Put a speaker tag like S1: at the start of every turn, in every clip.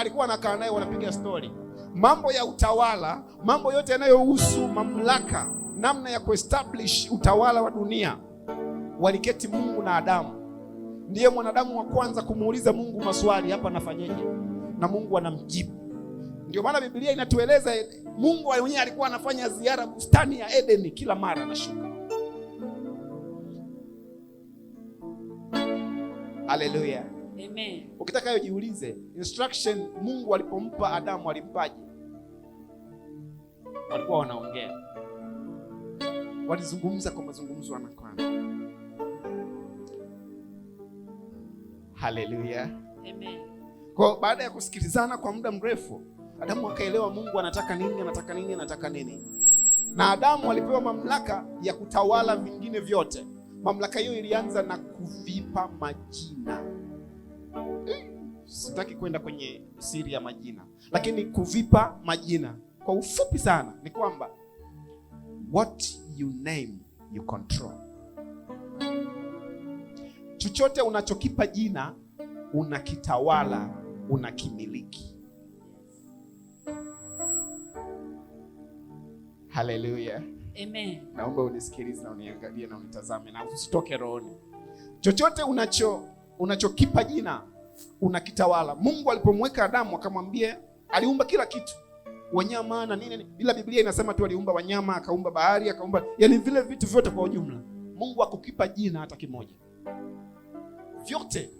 S1: alikuwa anakaa naye, wanapiga stori mambo ya utawala, mambo yote yanayohusu mamlaka, namna ya kuestablish utawala wa dunia. Waliketi Mungu na Adamu, ndiye mwanadamu wa kwanza kumuuliza Mungu maswali, hapa nafanyeje, na Mungu anamjibu. Ndio maana Biblia inatueleza Mungu mwenyewe alikuwa anafanya ziara bustani ya Edeni, kila mara anashuka. Haleluya! Amen. Ukitaka ujiulize instruction Mungu alipompa Adamu alimpaje? Walikuwa wanaongea, walizungumza kwa mazungumzo ana Haleluya, amen. Kwa baada ya kusikilizana kwa muda mrefu, Adamu akaelewa Mungu anataka nini, anataka nini, anataka nini, na Adamu alipewa mamlaka ya kutawala vingine vyote. Mamlaka hiyo ilianza na kuvipa majina sitaki kwenda kwenye siri ya majina, lakini kuvipa majina kwa ufupi sana ni kwamba what you name you control. Chochote unachokipa jina unakitawala, unakimiliki. Haleluya, amen. Naomba unisikilize na uniangalie na unitazame na usitoke rohoni. Chochote unacho unachokipa jina unakitawala. Mungu alipomweka Adamu akamwambia, aliumba kila kitu, wanyama na nini, bila Biblia inasema tu aliumba wanyama, akaumba bahari, akaumba yani vile vitu vyote kwa ujumla. Mungu akukipa jina hata kimoja, vyote.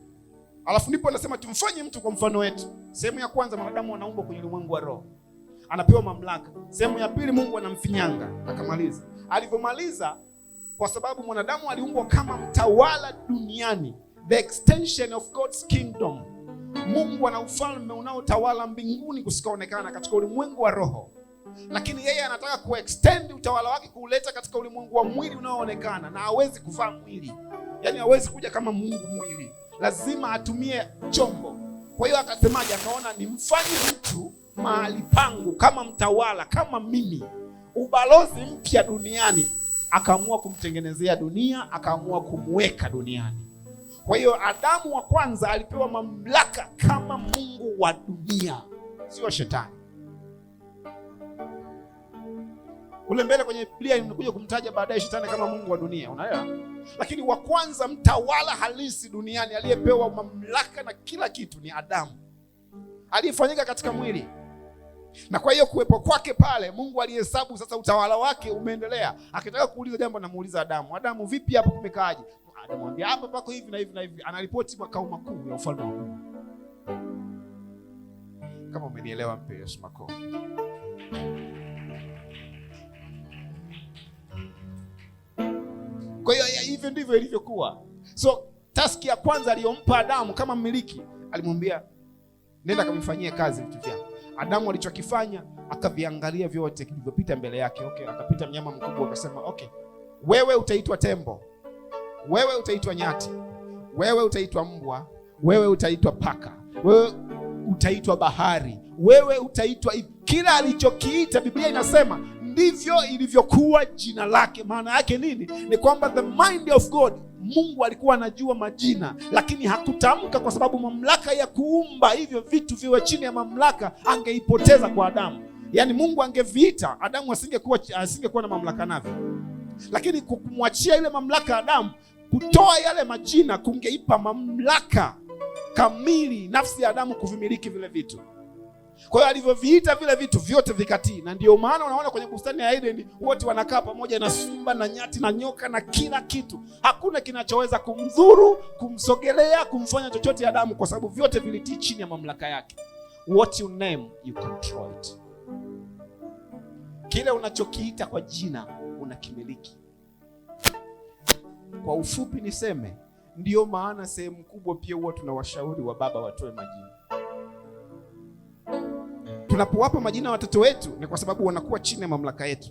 S1: Alafu ndipo anasema tumfanye mtu kwa mfano wetu. Sehemu ya kwanza, mwanadamu anaumbwa kwenye ulimwengu wa roho, anapewa mamlaka. Sehemu ya pili, Mungu anamfinyanga, akamaliza. Alivyomaliza, kwa sababu mwanadamu aliumbwa kama mtawala duniani the extension of God's kingdom. Mungu ana ufalme unaotawala mbinguni kusikaonekana katika ulimwengu wa roho, lakini yeye anataka kuextend utawala wake kuuleta katika ulimwengu wa mwili unaoonekana, na hawezi kuvaa mwili, yaani hawezi kuja kama Mungu mwili, lazima atumie chombo. Kwa hiyo akasemaje? Akaona nimfanye mtu mahali pangu kama mtawala, kama mimi, ubalozi mpya duniani. Akaamua kumtengenezea dunia, akaamua kumweka duniani. Kwa hiyo Adamu wa kwanza alipewa mamlaka kama mungu wa dunia, sio shetani. Kule mbele kwenye Biblia inakuja kumtaja baadaye shetani kama mungu wa dunia, unaelewa? Lakini wa kwanza mtawala halisi duniani aliyepewa mamlaka na kila kitu ni Adamu, aliyefanyika katika mwili na kwa hiyo kuwepo kwake pale, Mungu alihesabu sasa utawala wake umeendelea. Akitaka kuuliza jambo, namuuliza Adamu, Adamu, vipi hapo kumekaaje? anamwambia hapa pako hivi na hivi na hivi, anaripoti makao makuu ya ufalme wa Mungu. Kama umenielewa, mpe Yesu makofi. Kwa hiyo hivyo ndivyo ilivyokuwa. So taski ya kwanza aliyompa Adamu kama mmiliki, alimwambia nenda kamfanyie kazi vitu vyako. Adamu alichokifanya akaviangalia vyote vilivyopita mbele yake. Okay, akapita mnyama mkubwa, akasema okay, wewe utaitwa tembo wewe utaitwa nyati, wewe utaitwa mbwa, wewe utaitwa paka, wewe utaitwa bahari, wewe utaitwa kila alichokiita. Biblia inasema ndivyo ilivyokuwa jina lake. Maana yake nini? Ni kwamba the mind of God Mungu alikuwa anajua majina, lakini hakutamka kwa sababu mamlaka ya kuumba hivyo vitu viwe chini ya mamlaka angeipoteza kwa Adamu. Yaani Mungu angeviita Adamu asingekuwa asingekuwa na mamlaka navyo, lakini kumwachia ile mamlaka Adamu Kutoa yale majina kungeipa mamlaka kamili nafsi ya Adamu kuvimiliki vile vitu. Kwa hiyo alivyoviita vile vitu vyote vikatii, na ndio maana unaona kwenye bustani ya Edeni wote wanakaa pamoja na simba na nyati na nyoka na kila kitu. Hakuna kinachoweza kumdhuru, kumsogelea, kumfanya chochote Adamu, kwa sababu vyote vilitii chini ya mamlaka yake. What you name, you control it. Kile unachokiita kwa jina unakimiliki. Kwa ufupi niseme, ndiyo maana sehemu kubwa pia huwa tunawashauri wa baba watoe majina. Tunapowapa majina watoto wetu ni kwa sababu wanakuwa chini ya mamlaka yetu.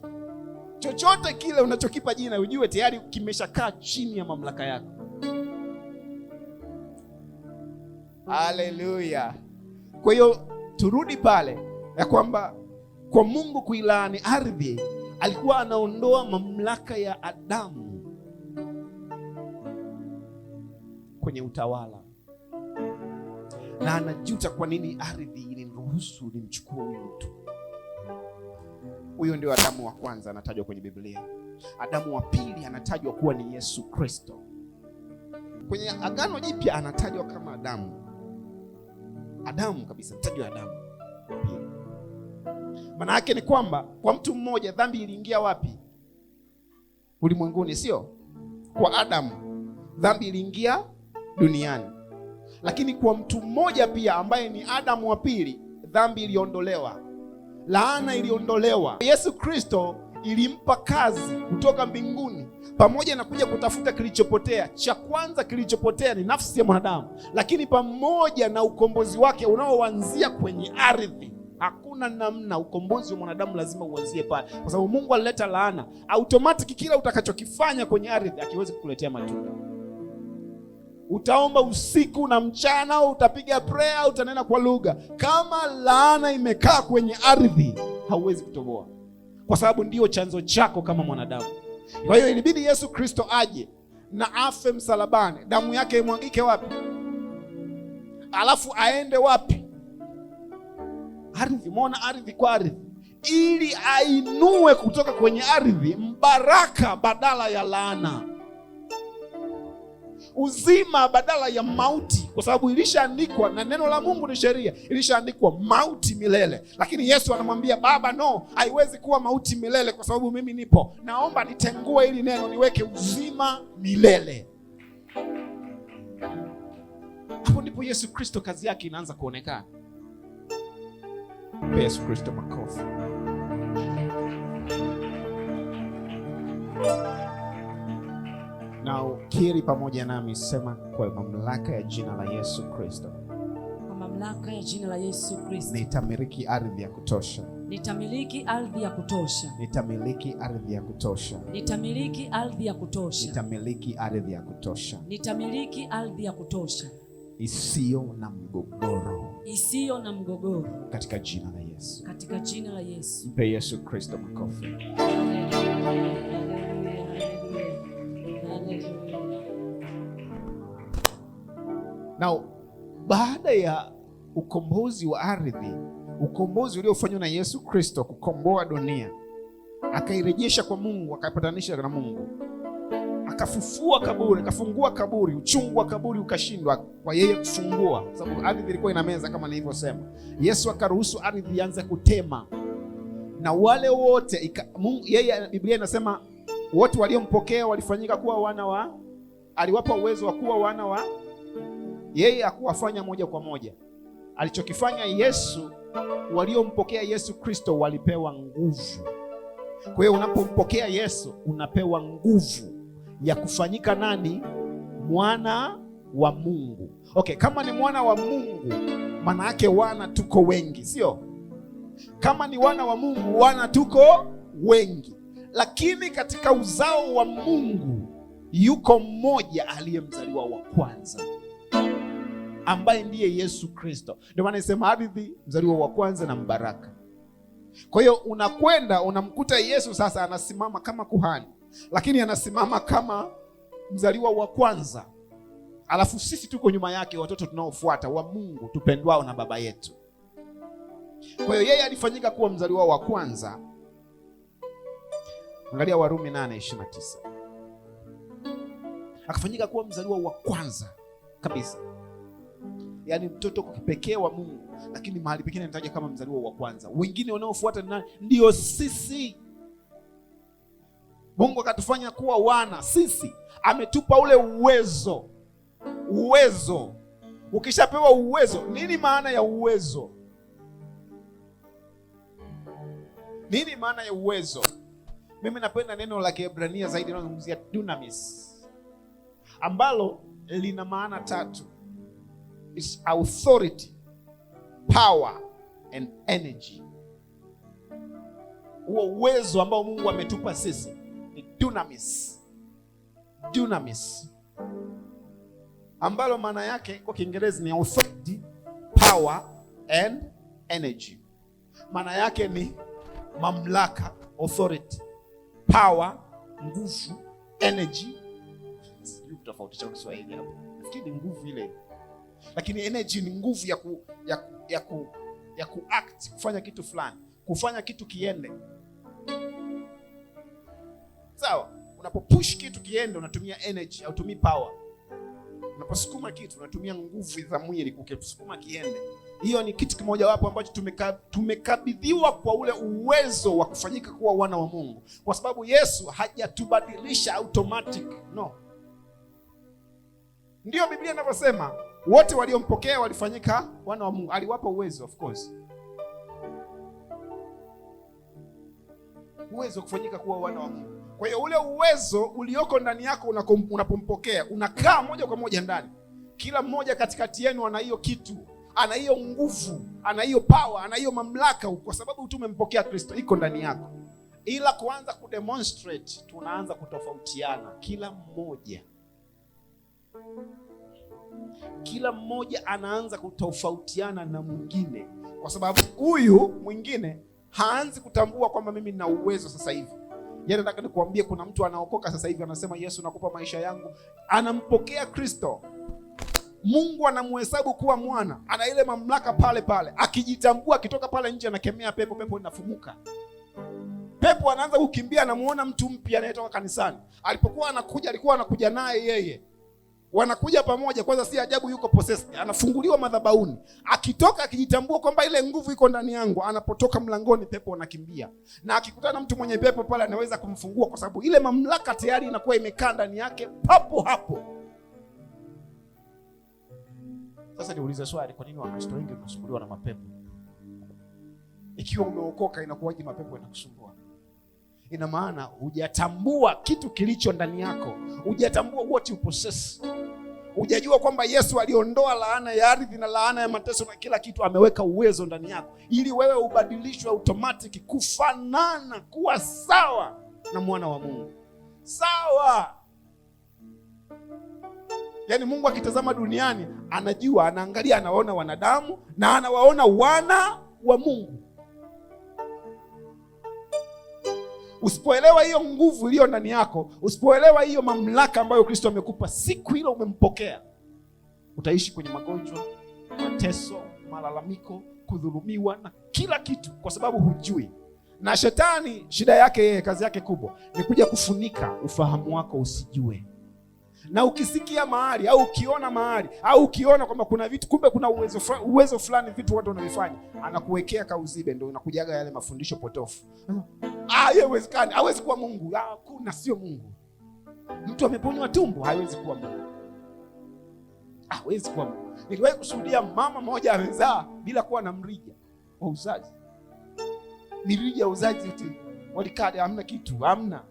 S1: Chochote kile unachokipa jina, ujue tayari kimeshakaa chini ya mamlaka yako. Haleluya! Kwa hiyo turudi pale ya kwamba kwa Mungu kuilaani ardhi alikuwa anaondoa mamlaka ya Adamu kwenye utawala, na anajuta kwa nini ardhi iliniruhusu nimchukue huyu mtu. Huyo ndio Adamu wa kwanza anatajwa kwenye Biblia. Adamu wa pili anatajwa kuwa ni Yesu Kristo. Kwenye Agano Jipya anatajwa kama Adamu, Adamu kabisa, anatajwa Adamu. Maana yake ni kwamba kwa mtu mmoja dhambi iliingia wapi? Ulimwenguni, sio kwa Adamu. Dhambi iliingia duniani. Lakini kwa mtu mmoja pia ambaye ni Adamu wa pili, dhambi iliondolewa, laana iliondolewa. Yesu Kristo ilimpa kazi kutoka mbinguni, pamoja na kuja kutafuta kilichopotea. Cha kwanza kilichopotea ni nafsi ya mwanadamu, lakini pamoja na ukombozi wake unaoanzia kwenye ardhi. Hakuna namna, ukombozi wa mwanadamu lazima uanzie pale, kwa sababu Mungu alileta laana. Automatic kila utakachokifanya kwenye ardhi akiwezi kukuletea matunda. Utaomba usiku na mchana, utapiga prayer, utanena kwa lugha. Kama laana imekaa kwenye ardhi, hauwezi kutoboa, kwa sababu ndiyo chanzo chako kama mwanadamu. Kwa hiyo ilibidi Yesu Kristo aje na afe msalabani, damu yake imwagike wapi? Alafu aende wapi? Ardhi. Mwona ardhi kwa ardhi, ili ainue kutoka kwenye ardhi mbaraka badala ya laana uzima badala ya mauti, kwa sababu ilishaandikwa na neno la Mungu ni sheria, ilishaandikwa mauti milele. Lakini Yesu anamwambia Baba, no, haiwezi kuwa mauti milele, kwa sababu mimi nipo. Naomba nitengue hili neno niweke uzima milele. Hapo ndipo Yesu Kristo kazi yake inaanza kuonekana. Yesu Kristo makofi na ukiri pamoja nami, sema kwa mamlaka ya jina la Yesu Kristo,
S2: kwa mamlaka ya jina la Yesu Kristo,
S1: nitamiliki ardhi ya kutosha,
S2: nitamiliki ardhi ya kutosha,
S1: nitamiliki ardhi ya kutosha,
S2: nitamiliki ardhi ya kutosha,
S1: nitamiliki ardhi ya kutosha,
S2: nitamiliki ardhi ya kutosha
S1: isiyo na mgogoro,
S2: isiyo na mgogoro,
S1: katika jina la Yesu,
S2: katika jina la Yesu.
S1: Mpe Yesu Kristo makofi. na baada ya ukombozi wa ardhi, ukombozi uliofanywa na Yesu Kristo kukomboa dunia, akairejesha kwa Mungu, akaipatanisha na Mungu, akafufua kaburi, akafungua kaburi, uchungu wa kaburi ukashindwa kwa yeye kufungua, sababu ardhi ilikuwa ina meza kama nilivyosema. Yesu akaruhusu ardhi ianze kutema na wale wote yeye, Biblia inasema wote waliompokea walifanyika kuwa wana wa, aliwapa uwezo wa kuwa wana wa yeye hakuwafanya moja kwa moja. Alichokifanya Yesu, waliompokea Yesu Kristo walipewa nguvu. Kwa hiyo unapompokea Yesu unapewa nguvu ya kufanyika nani? Mwana wa Mungu. Okay, kama ni mwana wa Mungu, maana yake wana tuko wengi, sio? Kama ni wana wa Mungu, wana tuko wengi, lakini katika uzao wa Mungu yuko mmoja aliyemzaliwa wa kwanza ambaye ndiye Yesu Kristo. Ndio maana nisema hadithi mzaliwa wa kwanza na mbaraka. Kwa hiyo unakwenda unamkuta Yesu sasa anasimama kama kuhani, lakini anasimama kama mzaliwa wa kwanza, alafu sisi tuko nyuma yake, watoto tunaofuata wa Mungu tupendwao na Baba yetu. Kwa hiyo yeye alifanyika kuwa mzaliwa wa kwanza. Angalia Warumi 8:29 akafanyika kuwa mzaliwa wa kwanza kabisa yani mtoto kwa kipekee wa Mungu, lakini mahali pekee anataja kama mzaliwa wa kwanza. Wengine wanaofuata ni nani? Ndio sisi. Mungu akatufanya kuwa wana, sisi ametupa ule uwezo. Uwezo ukishapewa uwezo, nini maana ya uwezo? Nini maana ya uwezo? Mimi napenda neno la Kiebrania zaidi, linalozungumzia dunamis ambalo lina maana tatu is authority, power and energy. Huo uwezo ambao Mungu ametupa sisi ni dunamis. Dunamis ambalo maana yake kwa Kiingereza ni authority, power and energy. Maana yake ni mamlaka, authority, power, nguvu, energy. Sijui kutofautisha Kiswahili hapo, nafikiri nguvu ile lakini energy ni nguvu ya ku, ya, ku, ya, ku, act, kufanya kitu fulani, kufanya kitu kiende sawa. Unapopush kitu kiende, unatumia energy, hautumii power. Unaposukuma kitu, unatumia nguvu za mwili kukisukuma kiende. Hiyo ni kitu kimojawapo ambacho tumekabidhiwa kwa ule uwezo wa kufanyika kuwa wana wa Mungu, kwa sababu Yesu hajatubadilisha automatic, no. Ndiyo Biblia inavyosema wote waliompokea walifanyika wana wa Mungu. Aliwapa uwezo, of course, uwezo kufanyika kuwa wana wa Mungu. Kwa hiyo ule uwezo ulioko ndani yako unapompokea, unakaa moja kwa moja ndani. Kila mmoja katikati yenu ana hiyo kitu, ana hiyo nguvu, ana hiyo power, ana hiyo mamlaka, kwa sababu tu umempokea Kristo, iko ndani yako. Ila kuanza kudemonstrate, tunaanza kutofautiana kila mmoja kila mmoja anaanza kutofautiana na mwingine, kwa sababu huyu mwingine haanzi kutambua kwamba mimi nina uwezo sasa hivi. yani nataka nikuambie, kuna mtu anaokoka sasa hivi, anasema Yesu, nakupa maisha yangu, anampokea Kristo, Mungu anamhesabu kuwa mwana, ana ile mamlaka pale pale. Akijitambua, akitoka pale nje, anakemea pepo, pepo inafumuka pepo anaanza kukimbia, anamuona mtu mpya anayetoka kanisani. Alipokuwa anakuja, alikuwa anakuja naye yeye, wanakuja pamoja. Kwanza si ajabu yuko possessed, anafunguliwa madhabauni akitoka akijitambua kwamba ile nguvu iko ndani yangu. Anapotoka mlangoni, pepo anakimbia, na akikutana mtu mwenye pepo pale, anaweza kumfungua kwa sababu ile mamlaka tayari inakuwa imekaa ndani yake papo hapo. Sasa niulize swali, kwa nini Wakristo wengi tunasumbuliwa na mapepo? Ikiwa umeokoka, inakuwaje mapepo yanakusumbua? Ina maana hujatambua kitu kilicho ndani yako, hujatambua what you possess. Hujajua kwamba Yesu aliondoa laana ya ardhi na laana ya mateso na kila kitu, ameweka uwezo ndani yako ili wewe ubadilishwe automatic kufanana kuwa sawa na mwana wa Mungu. Sawa, yaani Mungu akitazama duniani anajua, anaangalia, anawaona wanadamu na anawaona wana wa Mungu. Usipoelewa hiyo nguvu iliyo ndani yako, usipoelewa hiyo mamlaka ambayo Kristo amekupa siku hilo umempokea, utaishi kwenye magonjwa, mateso, malalamiko, kudhulumiwa na kila kitu, kwa sababu hujui. Na shetani shida yake yeye, kazi yake kubwa ni kuja kufunika ufahamu wako usijue na ukisikia mahali au ukiona mahali au ukiona kwamba kuna vitu kumbe kuna uwezo fulani, uwezo fulani vitu watu wanavifanya, anakuwekea kauzibe, ndio unakujaga yale mafundisho potofu. Ah, haiwezekani, hawezi kuwa Mungu. Hakuna, ah, sio Mungu. Mtu ameponywa tumbo, hawezi kuwa Mungu, hawezi kuwa Mungu. Niliwahi kushuhudia mama moja amezaa bila kuwa na mrija wa uzazi, mrija wa uzazi tu, hamna kitu, hamna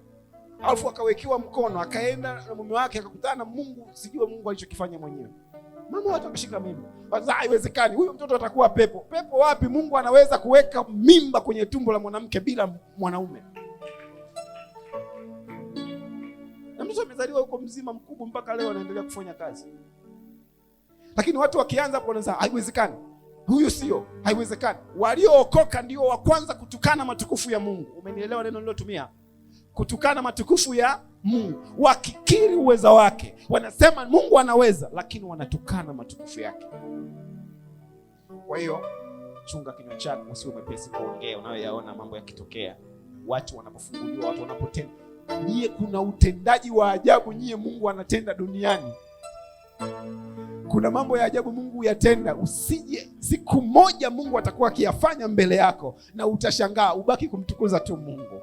S1: alafu akawekewa mkono, akaenda na mume wake akakutana na Mungu, sijue Mungu alichokifanya mwenyewe. Mama watu wakishika mimba, haiwezekani, huyo mtoto atakuwa pepo. Pepo wapi? Mungu anaweza kuweka mimba kwenye tumbo la mwanamke bila mwanaume, na mtoto amezaliwa huko mzima, mkubwa, mpaka leo anaendelea kufanya kazi. Lakini watu wakianza hapo, wanasema haiwezekani, huyu sio, haiwezekani. Waliookoka ndio wa kwanza kutukana matukufu ya Mungu. Umenielewa neno nilotumia? kutukana matukufu ya Mungu, wakikiri uweza wake, wanasema Mungu anaweza, lakini wanatukana matukufu yake. Kwa hiyo chunga kinywa chako, usiwe mwepesi kuongea unayoyaona mambo yakitokea, watu wanapofunguliwa, watu wanapotenda. Nyie kuna utendaji wa ajabu, nyie Mungu anatenda duniani kuna mambo ya ajabu Mungu yatenda, usije siku moja Mungu atakuwa akiyafanya mbele yako, na utashangaa, ubaki kumtukuza tu Mungu.